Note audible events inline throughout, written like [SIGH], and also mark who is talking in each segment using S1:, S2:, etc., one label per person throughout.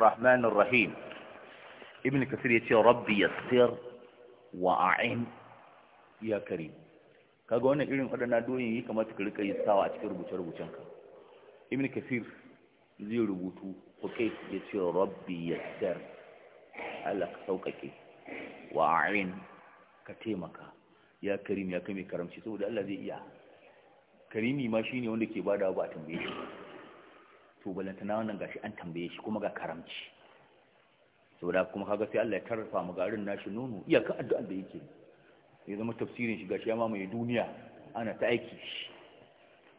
S1: الرحمن الرحيم ابن كثير يتي ربي يسر وأعين يا كريم kaga wannan irin wadana doyin yi kamata ka rika yi sawa a cikin rubuce ka ibn kafir zai rubutu hukai ya ce rabbi yassar Allah ka sauƙaƙe wa a'in ka taimaka ya karim ya kai mai karamci saboda Allah zai iya karimi ma shine wanda ke bada ba tambaye shi to balantana wannan gashi an tambaye shi kuma ga karamci saboda kuma kaga sai Allah ya tarfa mu garin nashi nono iyakan addu'ar da yake ya zama tafsirin shi gashi ya mamaye duniya ana ta aiki shi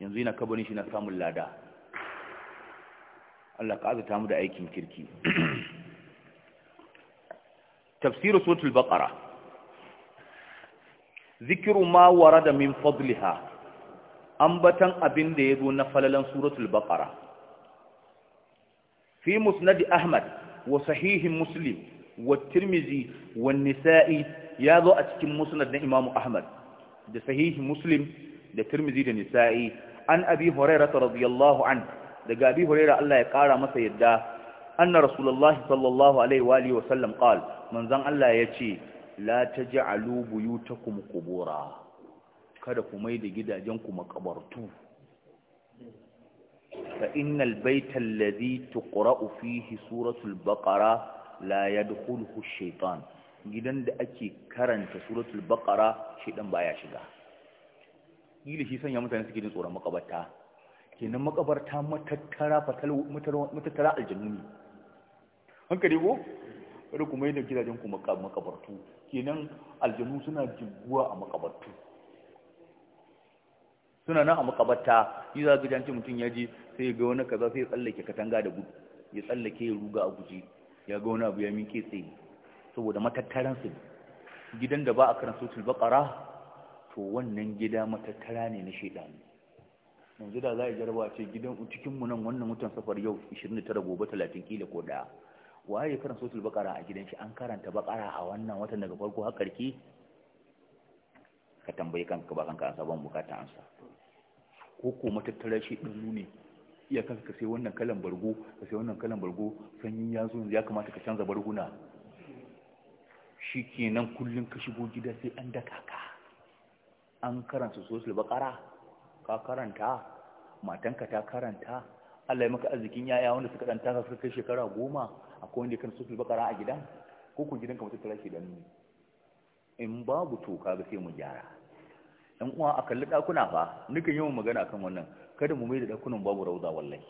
S1: yanzu yana kabarin shi na samun lada Allah ka azata mu da aikin kirki [CLEARS THROAT] tafsir suratul baqara zikru ma warada min fadliha ambatan abin da yazo na falalan suratul baqara في مسند أحمد وصحيح مسلم والترمذي والنسائي يا ذو أتكم مسند إمام أحمد ده صحيح مسلم ده ترمذي ده نسائي عن أبي هريرة رضي الله عنه ده أبي هريرة الله يقارى ما سيدا أن رسول الله صلى الله عليه وآله وسلم قال من ذن الله يتي لا تجعلوا بيوتكم قبورا kada ku mai da gidajenku makabartu فإن البيت الذي تقرأ فيه سورة البقرة لا يدخله الشيطان gidan da ake karanta suratul baqara shedan baya shiga gili shi sanya mutane suke jin tsoron makabarta kenan makabarta matattara fatal matattara aljannu hanka dai ko kada kuma yadda gidajen ku makabartu kenan aljannu suna jiguwa a makabartu suna nan a makabarta yi za ga janci mutum ya ji sai ya ga wani kaza sai ya tsallake katanga da gudu ya tsallake ya ruga a guji ya ga wani abu ya miƙe tsaye saboda matattaran su gidan da ba a karan sotul bakara to wannan gida matattara ne na shaidanu yanzu da za a jarabawa ce gidan cikin mu nan wannan mutan safar yau 29 gobe 30 kila ko daya waye karan sotul bakara a gidan shi an karanta bakara a wannan watan daga farko har karki ka tambayi kanka ba kanka an sabon bukatan ansa ko ko matattarar shi ɗinu ne iya kanka ka sai wannan kalan bargo ka sai wannan kalan bargo sanyin ya zo ya kamata ka canza barguna shi nan kullum ka shigo gida sai an daka ka an karanta sosai bakara ka karanta matanka ta karanta Allah ya maka arzikin yaya wanda suka dan taka suka kai shekara goma akwai wanda ya kan sosai bakara a gidan ko ku gidan ka tara shi dan ne in babu toka ba sai mu gyara ɗan uwa a kalli ɗakuna fa yi yawan magana kan wannan kada mu mai da ɗakunan babu rauza wallahi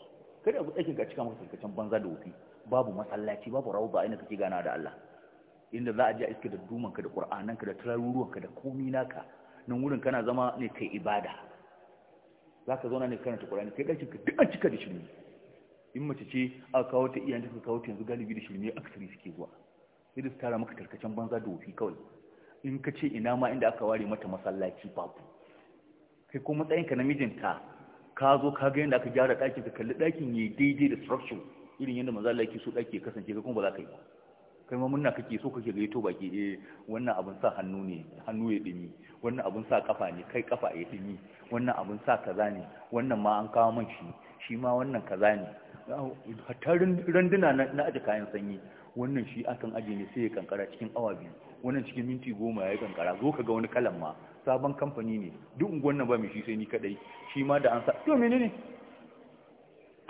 S1: kada abu tsakin ka cika masa kacin banza da wufi babu masallaci babu rauza ina kake gana da Allah inda za a ji a iska da dumanka da ƙur'ananka da turaruruwanka da kominaka, naka nan wurin kana zama ne kai ibada za ka zauna ne karanta ƙur'ani kai ɗakin ka duk an cika da shirme in mace ce a kawo ta iyayen ta kawo ta yanzu galibi da shirme akasari suke zuwa sai da maka tarkacen banza da wufi kawai in ka ce ina ma inda aka ware mata masallaci babu kai ko matsayinka na mijinta ka zo ka ga yadda aka gyara ɗakin ka kalli ɗakin yi daidai da structure irin yadda maza su so ɗaki ya kasance kai kuma ba za ka yi ba kai ma murna kake so kake gaito baki eh wannan abun sa hannu ne hannu ya dumi wannan abun sa kafa ne kai kafa ya dumi wannan abun sa kaza ne wannan ma an kawo man shi shi ma wannan kaza ne hatta randuna na aje kayan sanyi wannan shi akan aje ne sai ya kankara cikin awa biyu wannan cikin minti goma ya yi kankara zo ka ga wani kalan ma sabon kamfani ne duk unguwan nan ba mai shi sai ni kadai shi ma da an sa to menene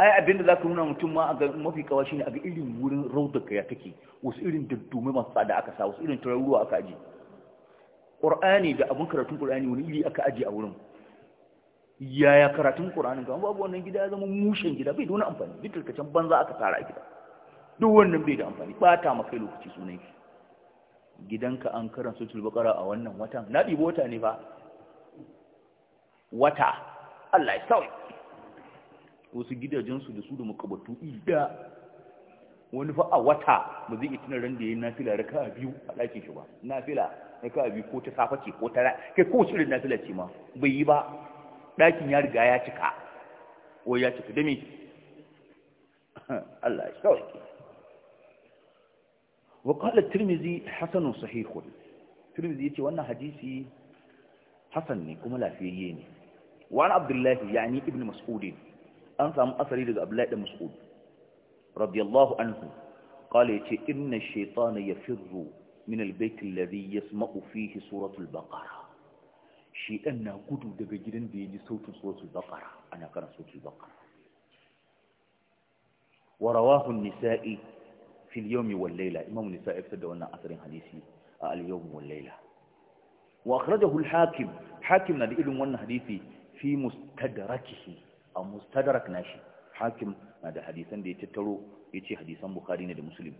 S1: ai abin da zaka nuna mutum ma ga mafi kawa shine a ga irin wurin raudar ka ya take wasu irin daddume masu tsada aka sa wasu irin tararruwa aka aje qur'ani da abun karatun qur'ani wani iri aka aje a wurin yaya karatun qur'anin ga babu wannan gida ya zama mushin gida bai da wani amfani duk tarkacen banza aka tara a gida duk wannan bai da amfani bata maka lokaci sunan shi gidanka an karan sutul baqara a wannan watan na dibo wata ne fa wata Allah ya sauke wasu gidajen su da su da makabatu ida wani fa a wata ba zai itina ran da yayin nafila raka a biyu a ɗakin shi ba nafila raka a biyu ko ta safa ce ko ta ra kai ko shirin nafila ce ma bai yi ba ɗakin ya riga ya cika ko ya cika da me [LAUGHS] Allah ya sauke وقال الترمذي حسن صحيح الترمذي يتي وانا حديثي حسن ني كما لا فيييني وعن عبد الله يعني ابن مسعود ان سام اثري دغ عبد الله مسعود رضي الله عنه قال يتي ان الشيطان يفر من البيت الذي يسمع فيه سورة البقرة شي أن قدو دغ جيدن دي صوت سورة البقرة أنا كان صوت البقرة ورواه النسائي fil yawmi wal layla imam nisa ya fitar da wannan asarin hadisi a al yawmi wal layla wa akhrajahu al hakim hakim na da irin wannan hadisi fi mustadrakihi a mustadrak nashi hakim na da hadisan da ya tattaro yace hadisan bukhari ne da muslim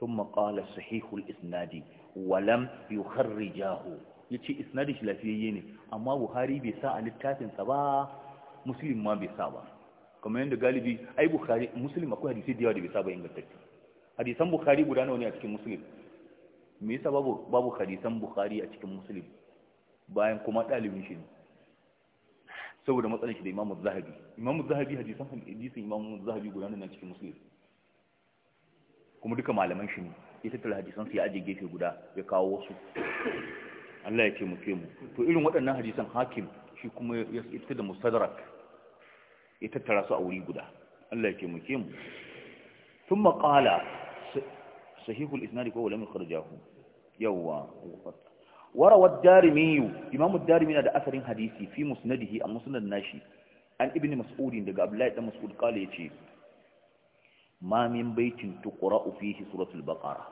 S1: ثم قال صحيح الاسناد ولم يخرجاه yace isnadin shi lafiyayye ne amma buhari bai sa a littafin sa ba muslim ma bai sa ba kamar yadda galibi ai buhari muslim akwai hadisi da yawa da bai sa ba ingantacce hadisan bukhari guda nawa ne a cikin muslim me yasa babu babu hadisan bukhari a cikin muslim bayan kuma dalibin shi ne saboda matsalar shi da imamu zahabi imamu zahabi hadisan hadisin imamu zahabi guda nawa ne a cikin muslim kuma duka malaman shi ne ya tattara hadisan sai ya aje gefe guda ya kawo wasu Allah ya ce mu mu to irin waɗannan hadisan hakim shi kuma ya fita da musadarak ya tattara su a wuri guda Allah ya ce mu mu ثم قال صحيح الإسناد كو لم يخرجه يوا وروى الدارمي إمام الدارمي هذا أثر حديثي في مسنده المسند الناشي عن ابن مسعود دغ عبد الله مسعود قال يجي ما من بيت تقرأ فيه سورة البقرة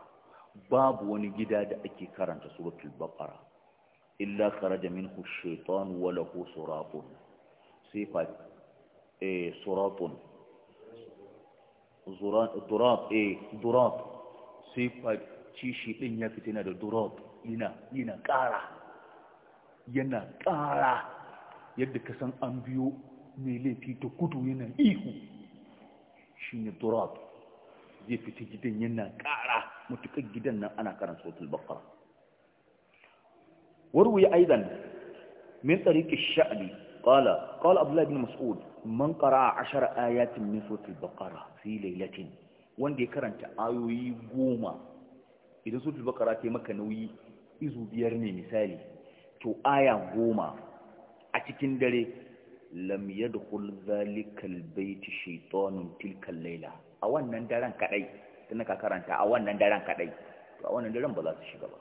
S1: باب ونجدا دا أكي كرنت سورة البقرة إلا خرج منه الشيطان وله صراط صفة إيه صراط ضراط إيه ضراط sai kwaci shi ɗin ya fita yana da drop yana ƙara yana ƙara yadda ka san an biyo mai laifi ta kudu yana ihu shi ne drop zai fita gidan yana ƙara matuƙar gidan nan ana karan sautul bakara ya aidan min tsariƙi sha'ani ƙala ƙala abdullahi bin mas'ud man ƙara a ashar ayatin min sautul bakar fi lailatin wanda ya karanta ayoyi goma idan su bakara ta maka nauyi izu biyar ne misali to aya goma a cikin dare lam yadkhul zalikal baiti shaytanun tilkal layla a wannan daren kadai tana ka karanta a wannan daren kadai to a wannan daren ba za su shiga ba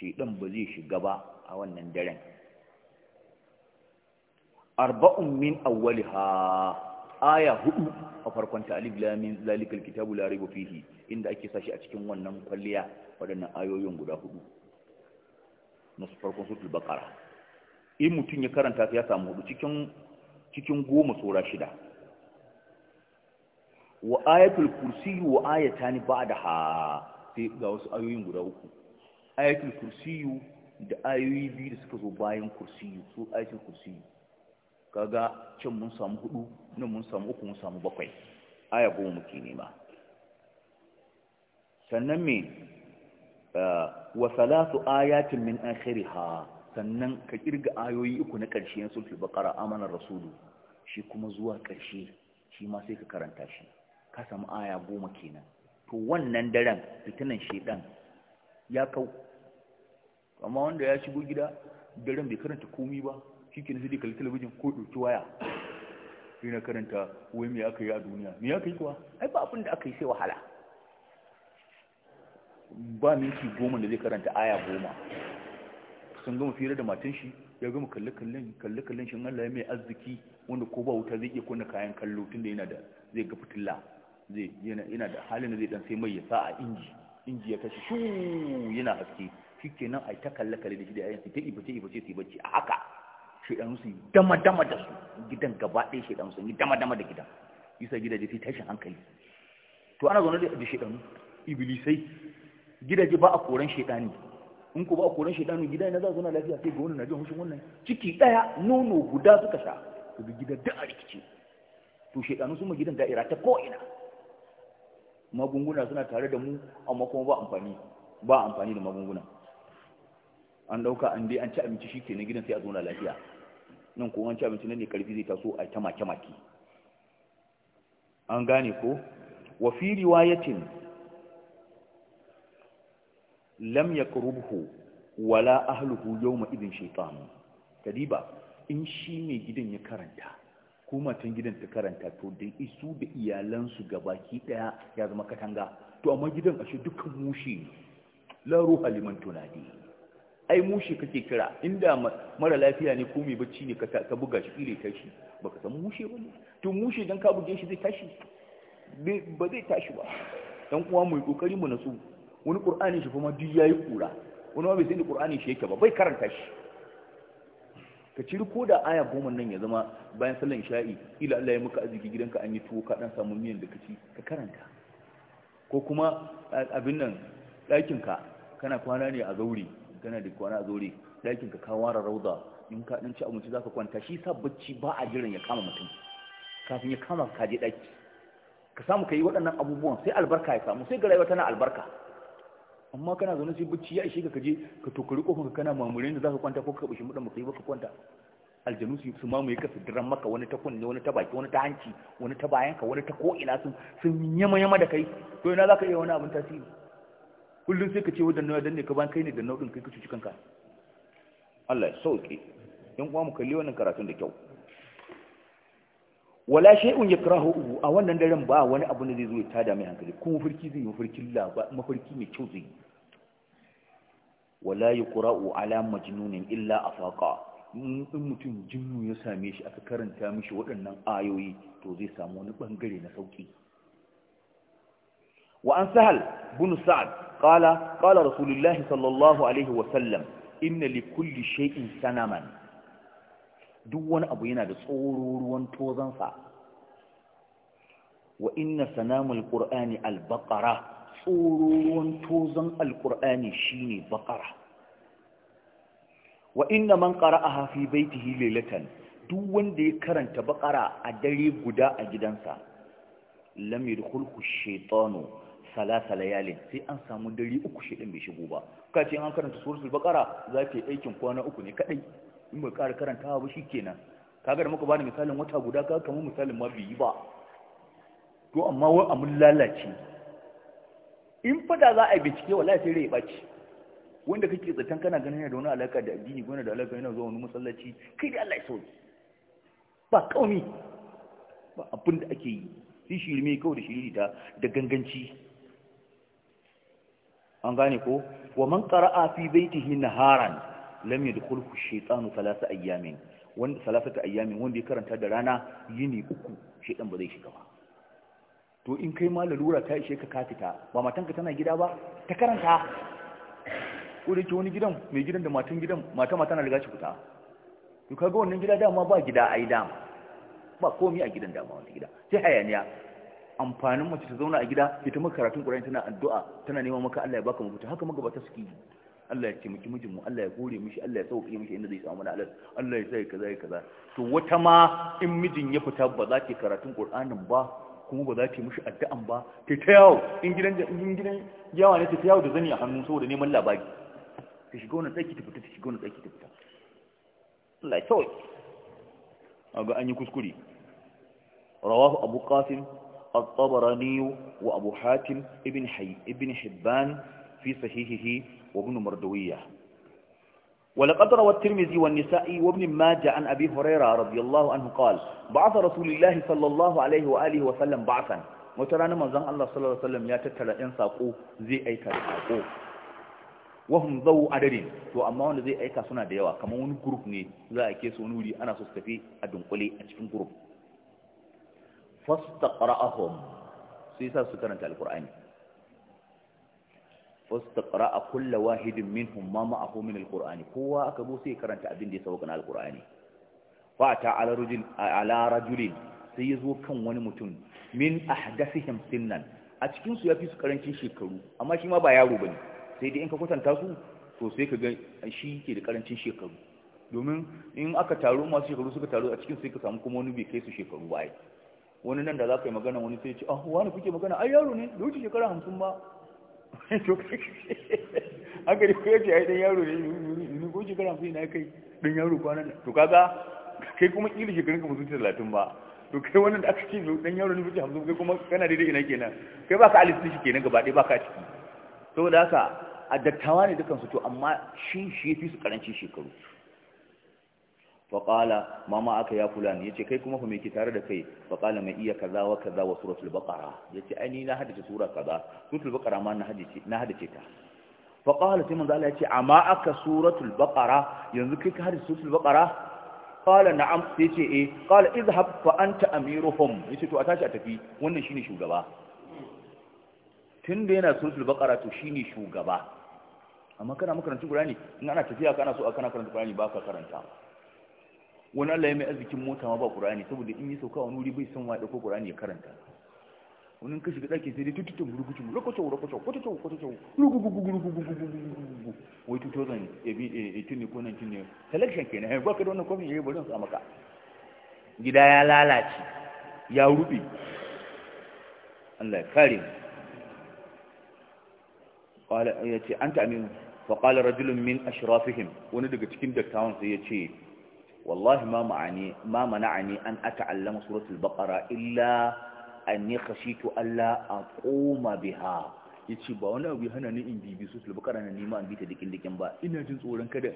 S1: shaytan ba zai shiga ba a wannan daren arba'un min awwaliha aya hudu a farkon ta alif lamin zalikal kitabu la raiba fihi inda ake sashi a cikin wannan kwalliya waɗannan ayoyin guda hudu na farkon suratul baqara in mutum ya karanta ya samu hudu cikin cikin goma tsora shida wa ayatul kursi wa ayatani ba'daha sai ga wasu ayoyin guda uku ayatul kursi da ayoyi biyu da suka zo bayan kursi su ayatul kursi kaga cin mun samu hudu nan mun samu uku mun samu bakwai aya goma muke nema sannan me ah, wa salatu ayatin min akhiriha sannan ka kirga ayoyi uku na ƙarshe na sulhul baqara amana rasulu shi kuma zuwa ƙarshe shi ma sai ka karanta shi ka samu aya goma kenan to wannan daren fitinan shedan ya kau amma wanda ya shigo gida daren bai karanta komi ba shi ke nasu dikali talabijin ko ɗauki waya shi na karanta wai me aka yi a duniya me aka yi kuwa ai ba abin da aka yi sai wahala ba minti goma da zai karanta aya goma sun gama fira da matan shi ya gama kalle-kallen kalle-kallen shi Allah ya mai arziki wanda ko ba wuta zai iya kunna kayan kallo tunda yana da zai ga fitilla zai yana da halin da zai dan sai mai ya sa a inji inji ya kashi shu yana haske kenan ai ta kalle-kalle da shi da ayyansu ta ibace ibace sai bacci a haka shaidan su yi dama dama da su gidan gaba ɗaya shaidan sun yi dama dama da gidan isa gidaje sai tashin hankali to ana zaune da shaidan iblisai gidaje ba a koran shaidani in ko ba a koran shaidani gida na za zauna lafiya sai ga wannan na jin hushin wannan ciki ɗaya nono guda suka sha daga gidan da a rikice to shaidanu sun ma gidan da'ira ta ko ina magunguna suna tare da mu amma kuma ba amfani ba amfani da magunguna an dauka an dai an ci abinci shi ke na gidan sai a zauna lafiya nan ko an ci abinci nan ne karfi zai taso a ta make make an gane ko wa fi riwayatin lam yaqrubuhu wala ahluhu yawma idin shaytan kadiba in shi ne gidan ya karanta ko matan gidan ta karanta to da isu da iyalansu gabaki daya ya zama katanga to amma gidan ashe dukkan mushi la ruha liman tunadi ai mushe kake kira inda mara lafiya ne ko mai bacci ne ka buga shi ire tashi baka san mushe ba ne to mushe dan ka buge shi zai tashi ba zai tashi ba dan uwa mu yi kokari mu natsu wani qur'ani shi kuma duk yayi kura wani bai san qur'ani shi yake ba bai karanta shi ka ciri ko da aya goma nan ya zama bayan sallan sha'i ila Allah ya maka aziki gidanka an yi tuwo ka dan samu miyan da ci ka karanta ko kuma abin nan ɗakinka kana kwana ne a zaure kana da kwana zori dakin ka ra rauda in ka dan ci abinci zaka kwanta shi sa bacci ba a jiran ya kama mutum kafin ya kama ka je daki ka samu kai waɗannan abubuwan sai albarka ya samu sai ga rayuwa tana albarka amma kana zaune sai bacci ya ishe ka kaje ka tokari kofar ka kana mamurin da zaka kwanta ko ka bishi mudan ka yi baka kwanta aljanu su su mamaye ka su diran maka wani ta kunne wani ta baki wani ta hanci wani ta bayanka wani ta ko ina sun sun yama yama da kai to ina zaka iya wani abin tasiri kullum sai ka ce wadannan ya danne ka ban kai ne da nau'in kai ka cuci kanka Allah ya sauke in kuma mu kalli wannan karatun da kyau wala shay'un yakrahu a wannan daren ba wani abu ne zai zo ya tada mai hankali kuma mafarki zai yi mafarkin laba mafarki mai kyau zai yi wala yuqra'u ala majnunin illa afaqa in mutum jinnu ya same shi aka karanta mishi waɗannan ayoyi to zai samu wani bangare na sauki وان سهل بن سعد قال قال رسول الله صلى الله عليه وسلم ان لكل شيء سنما duk wani abu yana da tsororuwan tozonsa wa inna sanamul qur'ani al-baqara tsororuwan tozon shine baqara wa inna man qara'aha fi baitihi laylatan duk wanda ya karanta baƙara a dare guda a gidansa lam yadkhulhu ash salasa layalin sai an samu dare uku shi din bai shigo ba ka ce an karanta suratul baqara za ta yi aikin kwana uku ne kadai in ba ƙara karantawa ba shikenan kaga da muka bani misalin wata guda ka kamar misalin ma bai yi ba to amma wai amun lalace in fada za a yi bincike wallahi sai rai ya baci wanda kake tsatan kana ganin yana da wani alaka da addini gona da alaka yana zuwa wani masallaci kai da Allah ya sauki ba kaumi ba abin da ake yi shi shirme kawai da shiririta da ganganci an gane ko wa man qara'a fi baitihi naharan lam yadkhulhu shaytanu thalatha ayamin wanda thalatha ayyamin wanda ya karanta da rana yini uku shaytan ba zai shiga ba to in kai ma lalura ta ishe ka ka fita ba matanka tana gida ba ta karanta ko da ke wani gidan mai gidan da matan gidan mata mata na riga shi fita to kaga wannan gida dama ba gida ai dama ba komai a gidan dama wannan gida sai hayaniya amfanin mace ta zauna a gida ke ta makaratun ƙur'ani tana addu'a tana neman maka Allah ya baka mafita haka ta suke yi Allah ya ce miki mijin mu Allah ya gore mishi Allah ya sauƙi mishi inda zai samu alal Allah ya sai kaza ya kaza to wata ma in mijin ya fita ba za ta karatun Qur'anin ba kuma ba za ta mishi addu'an ba ta ta yawo in gidan in gidan yawa ne ta ta yawo da zani a hannu saboda neman labari ta shiga wannan tsaki ta fita ta shiga wannan tsaki ta fita Allah ya sauƙi aga an yi kuskure rawahu abu qasim الطبراني وأبو حاتم ابن, حي ابن حبان في صحيحه وابن مردوية ولقد روى الترمذي والنسائي وابن ماجه عن أبي هريرة رضي الله عنه قال بعث رسول الله صلى الله عليه وآله وسلم بعثا وترانا من زن الله صلى الله عليه وسلم يتتلى إن ساقو زي أي كارقو wahum zau adadin to amma wanda zai aika suna da yawa kamar wani group ne za a ke su wani wuri ana so su tafi a dunkule a cikin group fastaqra'ahum sai sa su karanta alqur'ani fastaqra'a kullu wahidin minhum ma ma'ahu min alqur'ani kowa aka bo sai karanta abin da ya sauka na alqur'ani fa ta ala rajul ala rajulin sai yazo kan wani mutum min ahdathihim sinnan a cikin su yafi su karancin shekaru amma shi ma ba yaro bane sai dai in ka kwatanta su to sai ka ga shi ke da karancin shekaru domin in aka taru masu shekaru suka taru a cikin sai ka samu kuma wani bai kai su shekaru ba wani nan da za ka yi magana wani sai ce ah wani kuke magana ai yaro ne da wuce shekara hamsin ba an [LAUGHS] gari ko yace ai dan yaro ne ni ko shekara hamsin na kai dan yaro kwana ne to kaga kai kuma kila shekarun ka su zuci talatin ba to kai wannan da aka ce dan yaro ne wuce hamsin kai kuma kana daidai ina kenan kai ba ka alisti shi kenan gaba ɗaya ka ciki saboda haka a dattawa ne dukansu to amma shi shi ya fi su karancin shekaru faƙala mama aka ya fulani ya ce kai kuma mai ke tare da kai faƙala mai iya kaza wa kaza wa suratul baƙara ya ce ai ni na haddace sura kaza suratul baƙara ma na haddace ta faƙala sai manzo Allah ya ce amma aka suratul baƙara yanzu kai ka haddace suratul baƙara qala na'am sai ce eh qala izhab fa anta amiruhum ce to a tashi a tafi wannan shine shugaba tunda yana suratul baƙara to shine shugaba amma kana makarantu Qur'ani in ana tafiya kana so a kana karanta Qur'ani ba ka karanta wani Allah ya mai arzikin mota ma ba Qur'ani saboda in yi sauka wani wuri bai san wa dauko Qur'ani ya karanta wani ka shiga ɗakin sai dai tututun rukucin rukucin rukucin kwatacin kwatacin rukugugugugugugugugugugugugu wai 2018 ne ko 19 ne selection ke na ba ka da wannan kwamfani yayi bari su a maka gida ya lalace ya rufe Allah ya kare mu qala yace anta amin fa qala rajulun min ashrafihim wani daga cikin dattawan sai ya ce. Wallahi والله ما معني ما منعني أن أتعلم سورة البقرة إلا أني خشيت ألا أقوم بها yace ba wani abu ya hana ni in bibi su bakara na nima an bi ta dikin dikin ba ina jin tsoron kada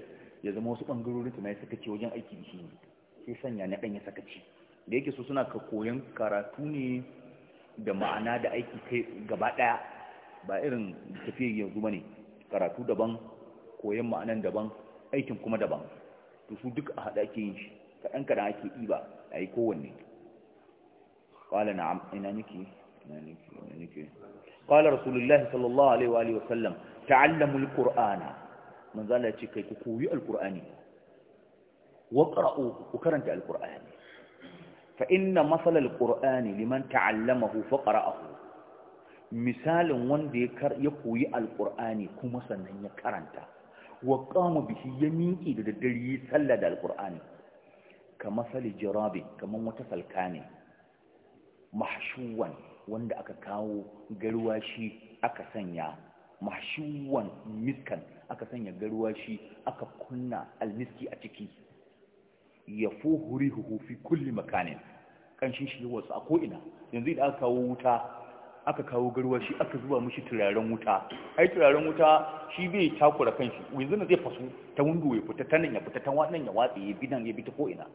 S1: ya zama wasu bangarorin tunai sakaci wajen aiki da shi ne sai sanya na dan ya sakaci da yake so suna ka koyan karatu ne da ma'ana da aiki kai gaba daya ba irin tafiyar yanzu bane karatu daban koyan ma'anan daban aikin kuma daban to su duk a haɗa ake yin shi kaɗan kaɗan ake ɗiba a yi kowanne ƙwala na ina nake ina nake ƙwala rasulullahi sallallahu alaihi wa alihi wasallam ta'allamu alqur'ana manzo Allah ya ce kai ku koyi alqur'ani wa qra'u ku karanta alqur'ani fa inna masal alqur'ani liman ta'allamahu fa qara'ahu misalin wanda ya koyi alqur'ani kuma sannan ya karanta wa qamu bihi ya miƙi da daddare yi sallah da alqur'ani kama sali jirabi kaman wata salka ne mahshuwan wanda aka kawo garwashi aka sanya mahshuwan miskan aka sanya garwashi aka kunna almiski a ciki yafuhu rihuhu fi kulli makanin kanshin shi wasu a ko'ina yanzu idan aka kawo wuta aka kawo garwashi aka zuba mushi turaren wuta ai turaren wuta shi bai takura kanshi yanzu na zai fasu ta wundu ya fita ta nan ya fita ta wannan ya watsi, ya bi nan ya bi ta ina.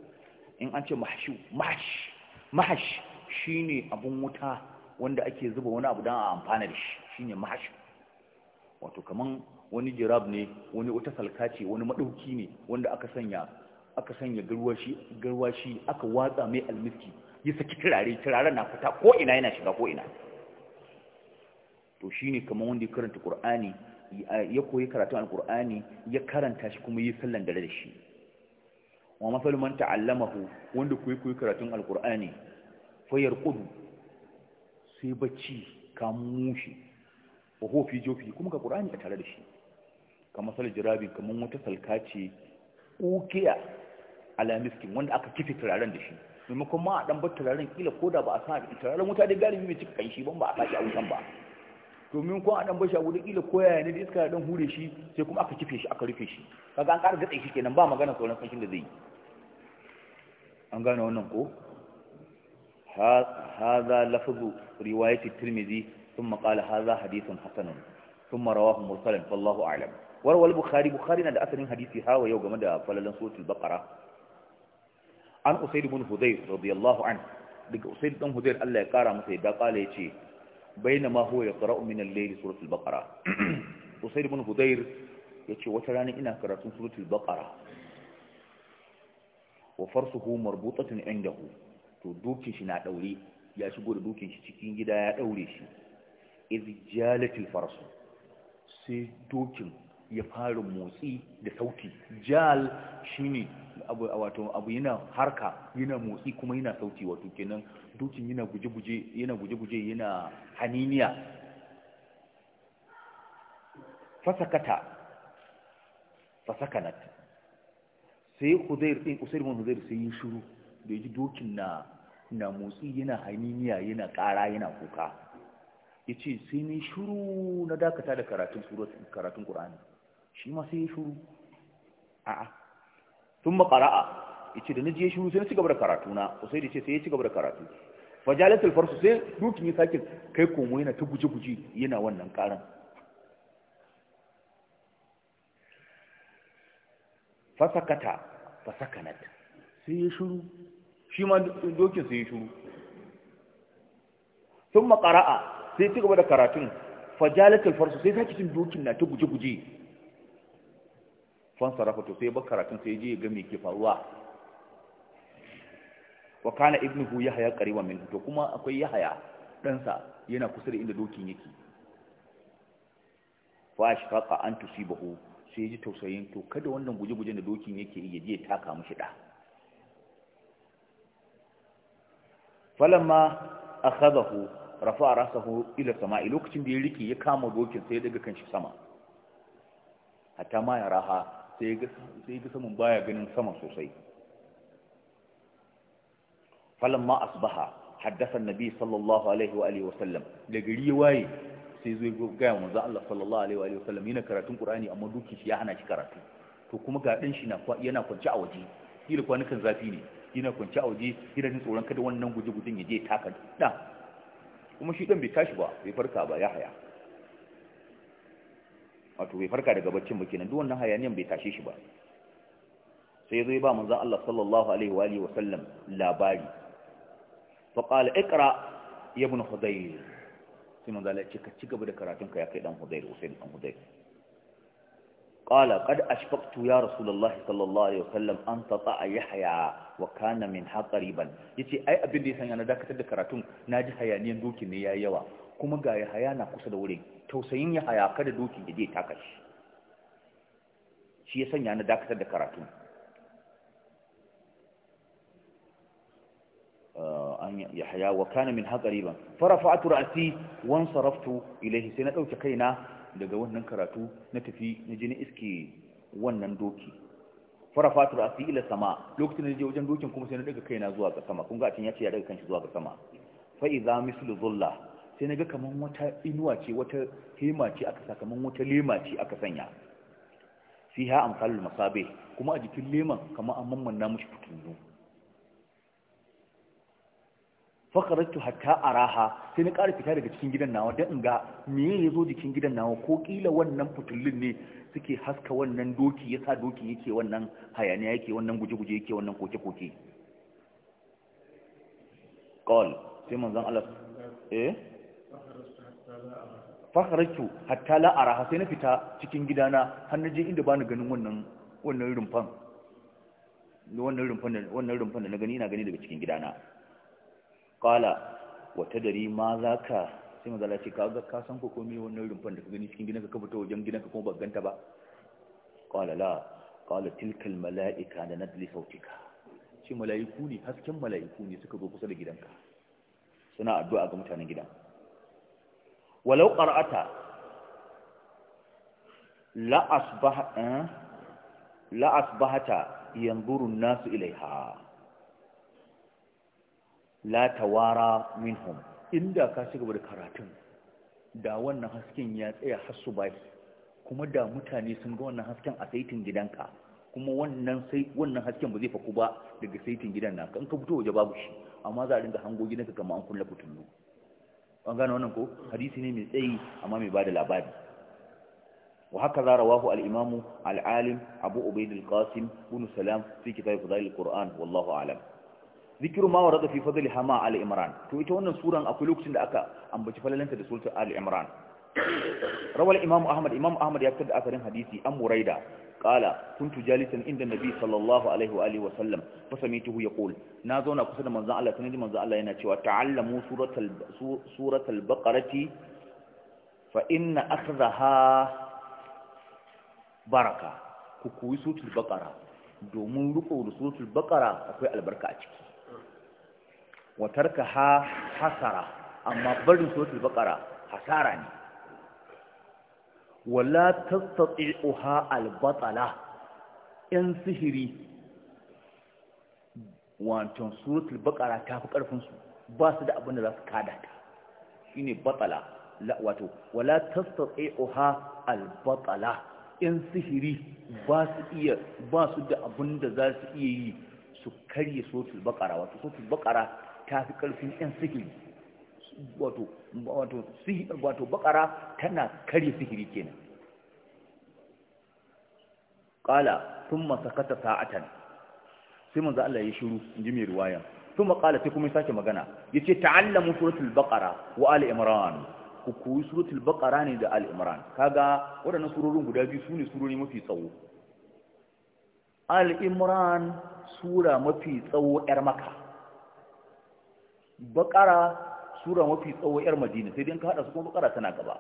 S1: in an ce mahashi mahash mahash shine abun wuta wanda ake zuba wani abu dan a amfana da shi shine mahash wato kaman wani jirab ne wani wata salkace wani madauki ne wanda aka sanya aka sanya garwashi garwashi aka watsa mai almiski ya saki turare turaren na fita ko ina yana shiga ko ina to shi ne kamar wanda ya karanta ƙur'ani ya koyi karatun ƙur'ani ya karanta shi kuma yi sallan dare da shi wa masalu man ta'allamahu wanda koyi koyi karatun ƙur'ani fayar ƙudu sai bacci kamu shi wa hofi jofi kuma ka ƙur'ani a tare da shi Ka sal jirabi kamar wata salka ce ukiya ala wanda aka kife turaren da shi maimakon ma a ɗan bar turaren kila ko da ba a sa turaren wuta da galibi mai cika kanshi ban ba a sashi a wutan ba domin kuma adam bashi a da kila koya ne da iska a dan hure shi sai kuma aka kife shi aka rufe shi kaga an kara gatsai shikenan ba magana sauran sakin da zai an gane wannan ko hadha lafzu riwayati tirmidhi thumma qala hadha hadithun hasan thumma rawahu mursalan wallahu a'lam warwa al-bukhari bukhari na da asalin hadisi hawa yau game da falalan suratul bakara. an usayd ibn hudayr radiyallahu anhu daga usayd ibn hudayr Allah ya kara masa da kala yace Baina bainama huwa yaqra'u min al-layl suratul baqara usayd ibn hudayr yace wata rana ina karatun suratul baqara wa farsuhu marbutatun indahu to dukin shi na daure ya shigo da dukin shi cikin gida ya daure shi iz jalatil farsu sai dukin ya fara motsi da sauti jal shi ne wato abu yana harka yana motsi kuma yana sauti wato kenan dukin yana guje-guje yana guje-guje yana haniniya fasakata fasakanat sai huzair din usair bin huzair sai yin shuru, da yaji dokin na na motsi yana haniniya yana ƙara yana kuka yace sai ni shuru na dakata da karatun ƙura'ani. karatun qur'ani shi ma sai ya shuru a'a sun makara'a ya ce da na je shuru sai na cigaba da karatu na sai da ce sai ya cigaba da karatu fajalat alfarsu sai dukin ya sake kai komo yana ta guje-guje yana wannan karan fasakata fasakanat sai ya shuru shi ma dokin sai ya shuru sun makara'a sai cigaba da karatun fajalat alfarsu sai sake cin dokin na ta guje-guje fansarafa to sai bakaratun sai je ga me ke faruwa wa kana ibnuhu yahya qariban min to kuma akwai yahya ɗansa yana kusa da inda dokin yake fa ashfaqa an tusibahu sai ya ji tausayin to kada wannan guje-guje da dokin yake ya je taka mishi da falamma akhadahu rafa'a rasahu ila sama'i lokacin da ya rike ya kama dokin sai daga daga kanshi sama hatta ma ya raha sai ga saman baya ganin sama sosai falamma asbaha haddasa nabi sallallahu alaihi wa sallam da gari waye sai zai gaya manzo Allah sallallahu alaihi wa sallam. yana karatun Qur'ani amma duki shi ya hana shi karatu to kuma ga dan shi yana kwance a waje kila kwanukan zafi ne yana kwance a waje yana ni tsoron kada wannan guje-gujen ya je taka ɗan kuma shi dan bai tashi ba bai farka ba ya haya wato bai farka daga baccin ba kenan duk wannan hayaniyan bai tashe shi ba sai zai ba manzon Allah sallallahu alaihi wa alihi wa sallam labari fa qala iqra ya ibn hudayr sai manzon Allah ya ci gaba da karatun ka ya kai dan hudayr Hussein dan hudayr qala qad ashfaqtu ya rasulullah sallallahu alaihi wa sallam an tata yahya wa kana min haqariban yace ai abin da ya sanya na dakatar da karatun naji hayaniyan dokin ne yayi yawa kuma ga yahaya na kusa da wurin tausayin yahaya kada dokin da zai taka shi shi ya sanya na dakatar da karatu ah, an yahaya wa kana min haqariban farafa'tu ra'si wa saraftu ilayhi sai na dauke kaina daga wannan karatu na tafi na jini iske wannan doki farafa'tu ra'si ila sama lokacin da je wajen dokin kuma sai na daga kaina zuwa ga sama kun ga a yace ya daga kanshi zuwa ga sama fa idza mislu dhulla sai na ga kamar wata inuwa ce wata hema ce aka sa kamar wata lema ce aka sanya fi ha amsalul masabe kuma a jikin leman kamar an mammanna mushi fitunu fakaratu hatta araha sai na ƙara fita daga cikin gidan nawa don in ga me ya zo jikin gidan nawa ko ƙila wannan fitullin ne suke haska wannan doki ya sa doki yake wannan hayaniya yake wannan guje-guje yake wannan koke-koke ƙol sai manzan alas eh faharatu hatta la araha sai na fita cikin gidana har na je inda ni ganin wannan wannan rumfan wannan rumfan wannan rumfan da na gani ina gani daga cikin gidana qala wa tadri ma za ka, sai manzo Allah ce ka ga ka san ko komai wannan rumfan da ka gani cikin gidanka ka fito wajen gidanka kuma ba ganta ba qala la qala tilkal malaika da nadli sautika shi malaiku ne hasken malaiku ne suka zo kusa da gidanka suna addu'a ga mutanen gidanka walau qara'ata la asbaha eh, la asbahata yanzuru an-nasu ilaiha la tawara minhum inda ka shiga da karatun da wannan hasken ya tsaya har su bai kuma da mutane sun ga wannan hasken a saitin gidanka kuma wannan sai wannan hasken ba zai faku ba daga saitin gidan naka in ka fito waje babu shi amma za a dinga hango gidanka kamar an kulle fitullu an gane wannan ko hadisi ne mai tsayi amma mai bada labari wa haka za rawahu al alalim al abu ubayd al-qasim ibn salam fi kitab fadhil al-quran wallahu a'lam zikiru ma warada fi fadhil hama al-imran to ita wannan suran akwai lokacin da aka ambaci falalanta da sultan al-imran rawal imamu ahmad imamu ahmad ya fitar da asarin hadisi an muraida قال كنت جالسا عند النبي صلى الله عليه وآله وسلم فسميته يقول نازونا قصد من زعل تنجي من زعل يناتي وتعلموا سورة, الب... سورة البقرة فإن أخذها بركة كوكوي سورة البقرة دومون رقو سورة البقرة أكوي البركة أتكي وتركها حسرة أما برد سورة البقرة حسارة wala tastati'uha albatala in sihiri wato suratul baqara ta fi karfin su ba su da abin da za su kada ta shine batala wato wala tastati'uha albatala in sihiri ba su iya ba su da abin da za su iya yi su karye suratul baqara wato suratul baqara ta fi karfin in sihiri wato wato wato bakara tana kare sihiri kenan qala thumma sakata sa'atan sai manzo Allah ya shiru inji mai riwaya thumma qala sai kuma sake magana yace ta'allamu suratul baqara wa ali imran ku koyi suratul baqara ne da ali imran kaga wadannan surorin guda biyu sune surori mafi tsawo ali imran sura mafi tsawo yar maka baqara sura mafi tsawo yar madina sai dai ka hada su kuma bakara tana gaba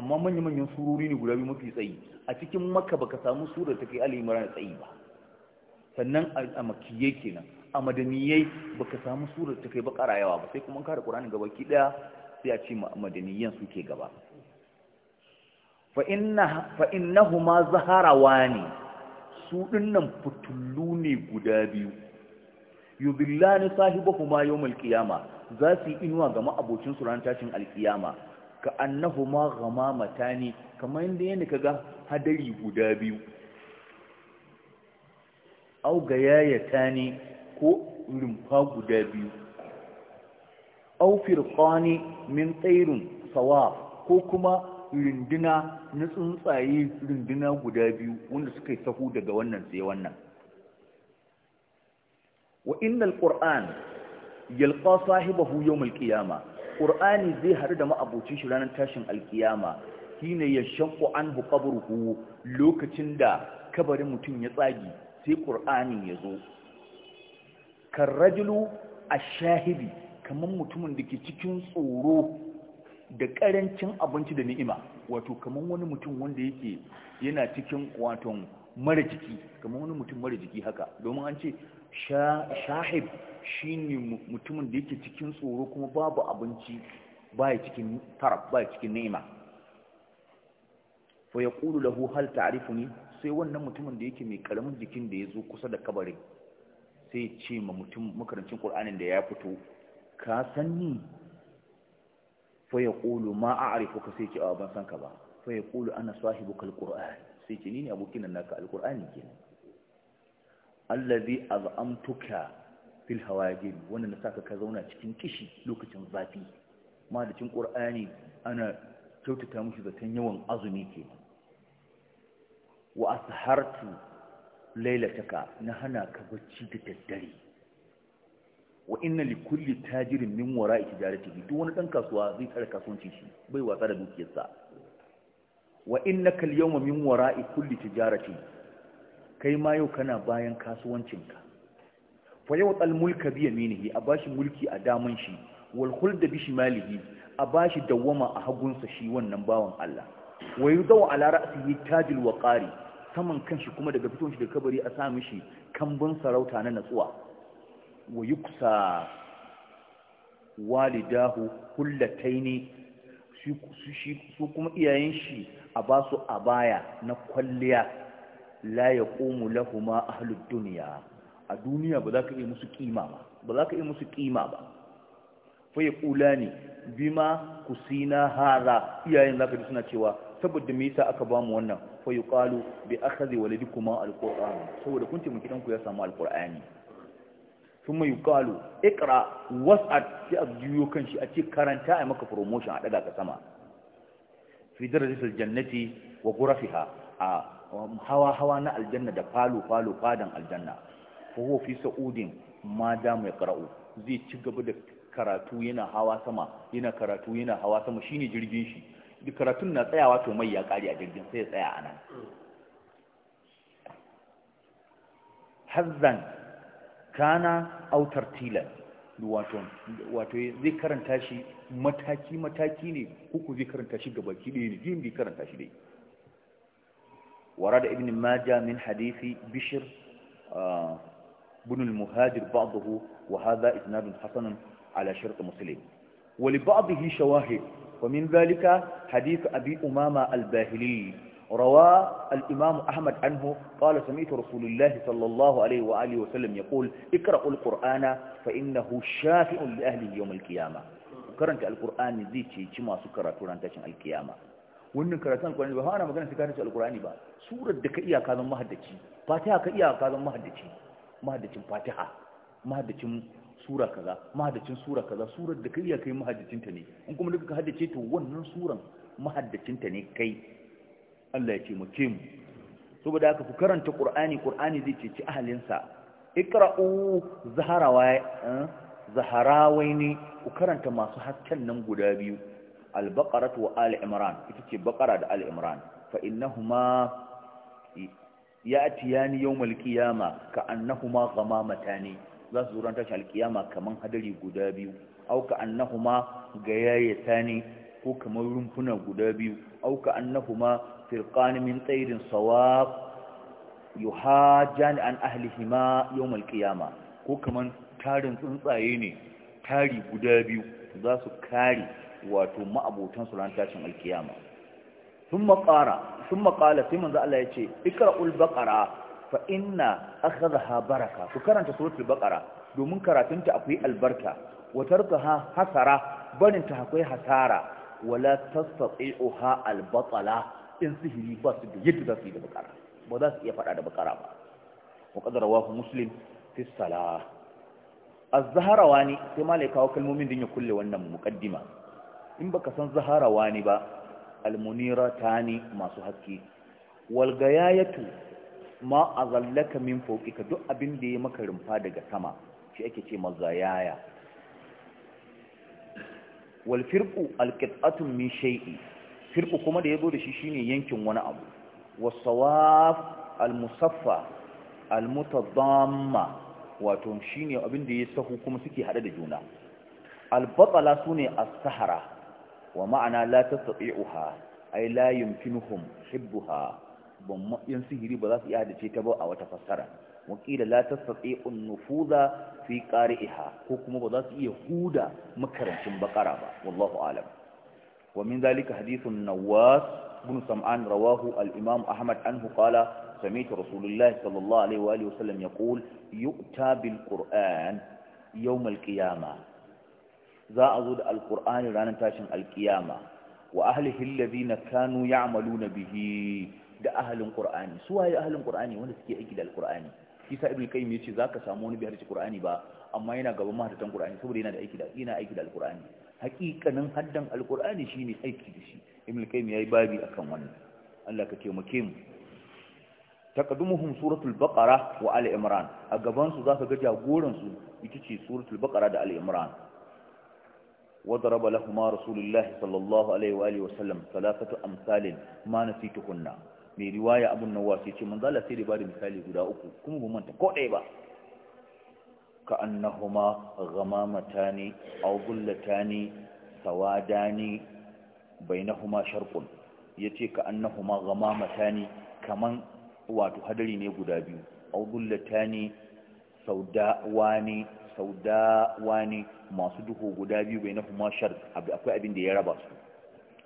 S1: amma manyan manyan surori ne guda biyu mafi tsayi a cikin maka baka samu surar ta kai ali imran tsayi ba sannan a makiyye kenan a madaniyai baka samu surar ta kai bakara yawa ba sai kuma ka da qur'ani gaba ki daya sai a ce madaniyan suke gaba fa inna fa innahuma zaharawani su dinnan fitullu ne guda biyu yubillani sahibahuma yawmal qiyamah za su yi inuwa ga ma'abocin su tashin alkiyama ka annahuma ghamamata ne kamar yadda yadda ka ga hadari guda biyu au yayata ne ko rumfa guda biyu au firqani min tsairin sawa ko kuma runduna na tsuntsaye runduna guda biyu wanda suka yi taho daga wannan sai wannan wa innal qur'an yalqa sahibahu yawmal qiyama qur'ani zai haɗu da ma'abocin shi ranar tashin alkiyama shine an anhu qabruhu lokacin da kabarin mutum ya tsagi sai qur'ani ya zo rajulu a shahibi kaman mutumin da ke cikin tsoro da karancin abinci da ni'ima wato kaman wani mutum wanda yake yana cikin waton mara jiki kaman wani mutum mara jiki haka domin an ce shahib shine mutumin da yake cikin tsoro kuma babu abinci baya cikin taraf baya cikin ni'ima fa yaqulu lahu hal ta'rifuni sai wannan mutumin da yake mai karamin jikin da ya zo kusa da kabarin sai ya ce ma mutum makarancin Qur'anin da ya fito ka san ni fa Kulu ma ka sai ce a ban san ka ba fa Kulu ana sahibuka alquran sai ce ni ne abokin nan naka alqurani kenan allazi az'amtuka fil hawajin wanda na saka ka zauna cikin kishi lokacin zafi madacin qur'ani ana kyautata mushi zaton yawan azumi ke wa ashartu lailataka na hana ka bacci da daddare wa inna li kulli tajirin min wara'i tijaratihi duk wani dan kasuwa zai tsara kasuwanci shi bai wasa da dukiyarsa wa innaka al-yawma min wara'i kulli tijarati kai ma yau kana bayan kasuwancinka fa yawtal mulka biya minihi a bashi mulki a daman shi wal khulda bi shimalihi a bashi dawama a hagunsa shi wannan bawan Allah wa Alara ala ra'sihi wa qari saman kanshi kuma daga fiton shi da kabari a sa mishi kambun sarauta na natsuwa wa yuksa walidahu shi su kuma iyayen shi a ba su abaya na kwalliya la yaqumu lahumu ahlud duniya a duniya ba za ka iya musu kima ba ba za ka iya musu kima ba fa ya kula ne bima kusina hara iyayen za ka ji suna cewa saboda me yasa aka bamu wannan fa yuqalu bi akhadhi waladikuma alquran saboda kun ce mukidan ku ya samu alqurani kuma kalu iqra was'at sai a juyo kan shi a ce karanta a maka promotion a ɗaga ka sama fi darajatil jannati wa ghurafiha a um, hawa hawa na aljanna da falo falo fadan aljanna fa huwa fi sa'udin ma da mai qara'u zai ci gaba da karatu yana hawa sama yana karatu yana hawa sama shine jirgin shi duk karatun na tsayawa to mai ya kare a jirgin sai ya tsaya anan hazan kana au tartilan wato wato zai karanta shi mataki mataki ne kuku zai karanta shi ga ɗaya ne jin bai karanta shi dai ورد ابن ماجه من حديث بشر بن المهاجر بعضه وهذا إسناد حسن على شرط مسلم ولبعضه شواهد ومن ذلك حديث أبي أمامة الباهلي روى الإمام أحمد عنه قال سمعت رسول الله صلى الله عليه وآله وسلم يقول اقرأوا القرآن فإنه شافع لأهله يوم القيامة karanta alkur'ani zai ceci masu karatu ran tashin alkiyama wannan karatun alkur'ani ba hana magana sai ka tace alkur'ani ba surar da ka iya ka zama mahaddaci fatiha ka iya ka zama mahaddaci mahaddacin fatiha mahaddacin sura kaza mahaddacin sura kaza surar da kai ya kai mahaddacinta ne in kuma duka ka haddace to wannan suran ta ne kai Allah ya ce mu ke mu saboda haka ku karanta qur'ani qur'ani zai ceci ahalinsa iqra'u zaharawai eh, zaharawai ne ku karanta masu hasken nan guda biyu al-baqarah wa al-imran ita ce baqara da al-imran fa innahuma ya atiyani yawmal qiyama ka annahuma ghamamatan za su zuranta shi alkiyama kaman hadari guda biyu au ka annahuma gayayatani ko kamar rumfuna guda biyu au ka annahuma firqan min tayrin sawab yuhajan an ahlihima yawmal qiyama ko kaman tarin tsuntsaye ne tari guda biyu za su kare wato ma'abotan su ran tashin alkiyama sun maƙala sai manzo Allah ya ce ikra'ul baqara fa inna akhadha baraka ku karanta suratul baqara domin karatunta akwai albarka wa tarkaha hasara barinta akwai hasara wala tastati'uha albatala in sihiri ba su yadda za su yi da bakara ba za su iya faɗa da bakara ba wa qadara wa muslim fi salah az-zaharawa sai malai kawo kalmomin din ya kulle wannan muqaddima in baka san zaharawani ba almunira tani masu haske walgayayatu ma a zallaka min fauƙika duk abin da ya maka rumfa daga sama shi ake ce mazayaya walfirku Alkitsatun min shai'i firku kuma da ya zo da shi shine yankin wani abu wasawaf almusaffa almutadamma wato shine abin da ya sahu kuma suke hada da juna albatsala sune a sahara wa ma'ana la uha ai la yumkinuhum hibbuha ban yan sihiri ba za su iya dace ta ba a wata fassara wakila la tastati'u nufuza fi iha ko kuma ba za su iya huda makarancin bakara ba wallahu alam wa min zalika hadithun nawas ibn sam'an rawahu al-imam ahmad anhu qala سمعت رسول الله صلى الله عليه وآله وسلم يقول qur'an بالقرآن يوم za a zo da alkur'ani ranar tashin alkiyama wa ahlihi alladhina kanu ya'maluna bihi da ahalin ƙur'ani. su waye ahalin ƙur'ani wanda suke aiki da alkur'ani kisa ibn qayyim yace zaka samu wani bai harci ba amma yana gaban mahaddatan ƙur'ani saboda yana da aiki da yana aiki da alkur'ani haƙiƙanin haddan alkur'ani shine aiki da shi ibn qayyim yayi babi akan wannan Allah ka taimake mu taqaddumuhum suratul baqara wa ali imran a gaban su zaka ga jagoran su ita ce suratul baqara da ali imran وضرب لهما رسول الله صلى الله عليه وآله وسلم ثلاثة أمثال ما نسيتهن mai riwaya abun nawasi ce manzo Allah sai da bada misali guda uku kuma ba manta ko ɗaya ba ka annahuma ghamamatan aw gullatani sawadani bainahuma sharqun yace ka annahuma ghamamatan kaman wato hadari ne guda biyu aw gullatani saudawani Sauda ne masu duhu guda biyu bai na kuma shar akwai abin da ya raba su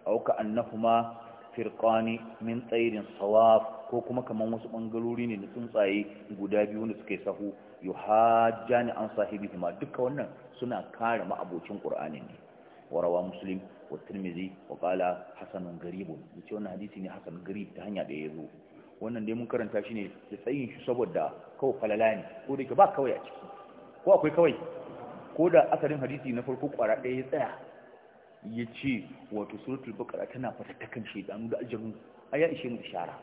S1: auka annahuma firqani min tsairin sawaf ko kuma kaman wasu bangarori ne na tsuntsaye guda biyu wanda suke sahu yuhajjani an kuma duka wannan suna kare ma'abocin ƙur'ani ne warawa muslim wa turmizi wa qala hasanun garibun yace wannan hadisi ne hasan garib ta hanya da yazo wannan dai mun karanta shi ne da tsayin shi saboda kawai falala ne ko da ke ba kawai a ciki ko akwai kawai ko da asalin hadisi na farko kwara ɗaya ya tsaya ya ce wato suratul bakara tana fatattakan shaidanu da aljanu a ya ishe mu ishara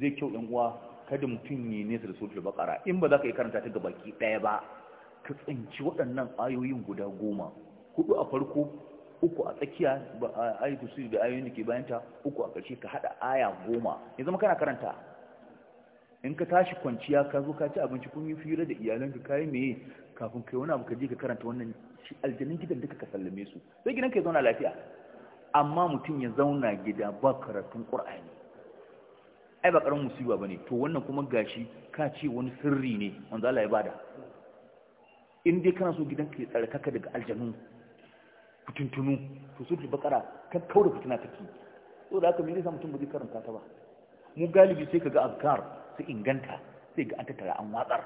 S1: zai kyau ɗan uwa kada mutum ne nesa da suratul bakara in ba za ka yi karanta ta gabaki ɗaya ba ka tsinci waɗannan ayoyin guda goma hudu a farko uku a tsakiya ba ayi su da ayoyin da ke bayanta uku a ƙarshe ka haɗa aya goma ya zama kana karanta in ka tashi kwanciya ka zo ka ci abinci kun yi fira da iyalanka kayi meye kafin kai wani abu ka je ka karanta wannan aljanin gidan duka ka sallame su sai gidan ka zauna lafiya amma mutum ya zauna gida ba karatun qur'ani ai ba karamin musiba bane to wannan kuma gashi ka ce wani sirri ne wanda Allah ya bada in dai kana so gidan ka ya tsarkaka daga aljanu fitintunu to su bakara ka kaura fitina take so da haka me yasa mutum ba zai karanta ta ba mu galibi sai kaga azkar su inganta sai ga an tattara an watsar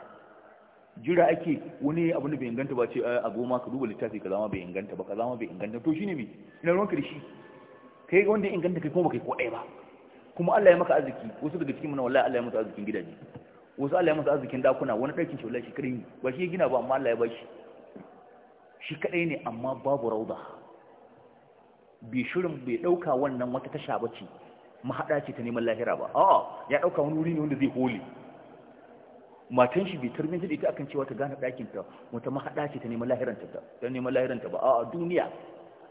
S1: jira ake wani abin da bai inganta ba ce a goma ka duba littafi ka zama bai inganta ba ka zama bai inganta to shine me ina ruwan da shi yi wanda inganta kai kuma baka ko ɗaya ba kuma Allah ya maka arziki wasu daga cikin mana wallahi Allah ya masu arzikin gidaje wasu Allah ya masu arzikin dakuna wani ɗakin shi wallahi shi kadai ba shi ya gina ba amma Allah ya bashi shi kadai ne amma babu rauda bai shirin bai ɗauka wannan wata tasha ce mahaɗa ce ta neman lahira ba a'a ya ɗauka wani wuri ne wanda zai hole matan shi bai tarbiyyantar da ita akan cewa ta gane ɗakinta wata mahaɗa ce ta neman lahiranta ta ta neman lahiranta ba a duniya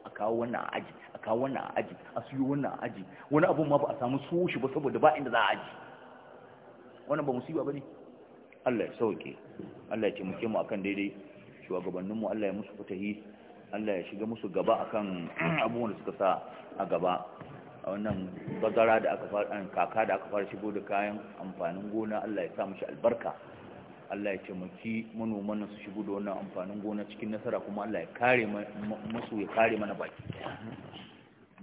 S1: a kawo wannan a aji a kawo wannan a aji a siyo wannan a aji wani abun ma ba a samu so shi ba saboda ba inda za a aji wannan ba musiba ba ne Allah ya sauke Allah ya ce muke mu akan daidai shugabanninmu Allah ya musu fatahi Allah ya shiga musu gaba akan abubuwan da suka sa a gaba a wannan bazara da aka fara kaka da aka fara shigo da kayan amfanin gona Allah ya sa shi albarka Allah ya taimaki manoman su shigo da wannan amfanin gona cikin nasara kuma Allah ya kare musu ya kare mana baki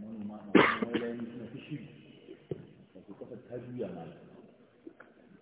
S1: manoma na wani wani da su kasa juya mana